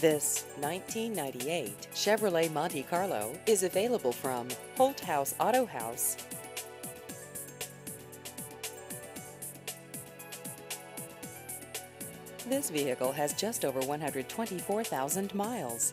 This 1998 Chevrolet Monte Carlo is available from Holt House Auto House. This vehicle has just over 124,000 miles.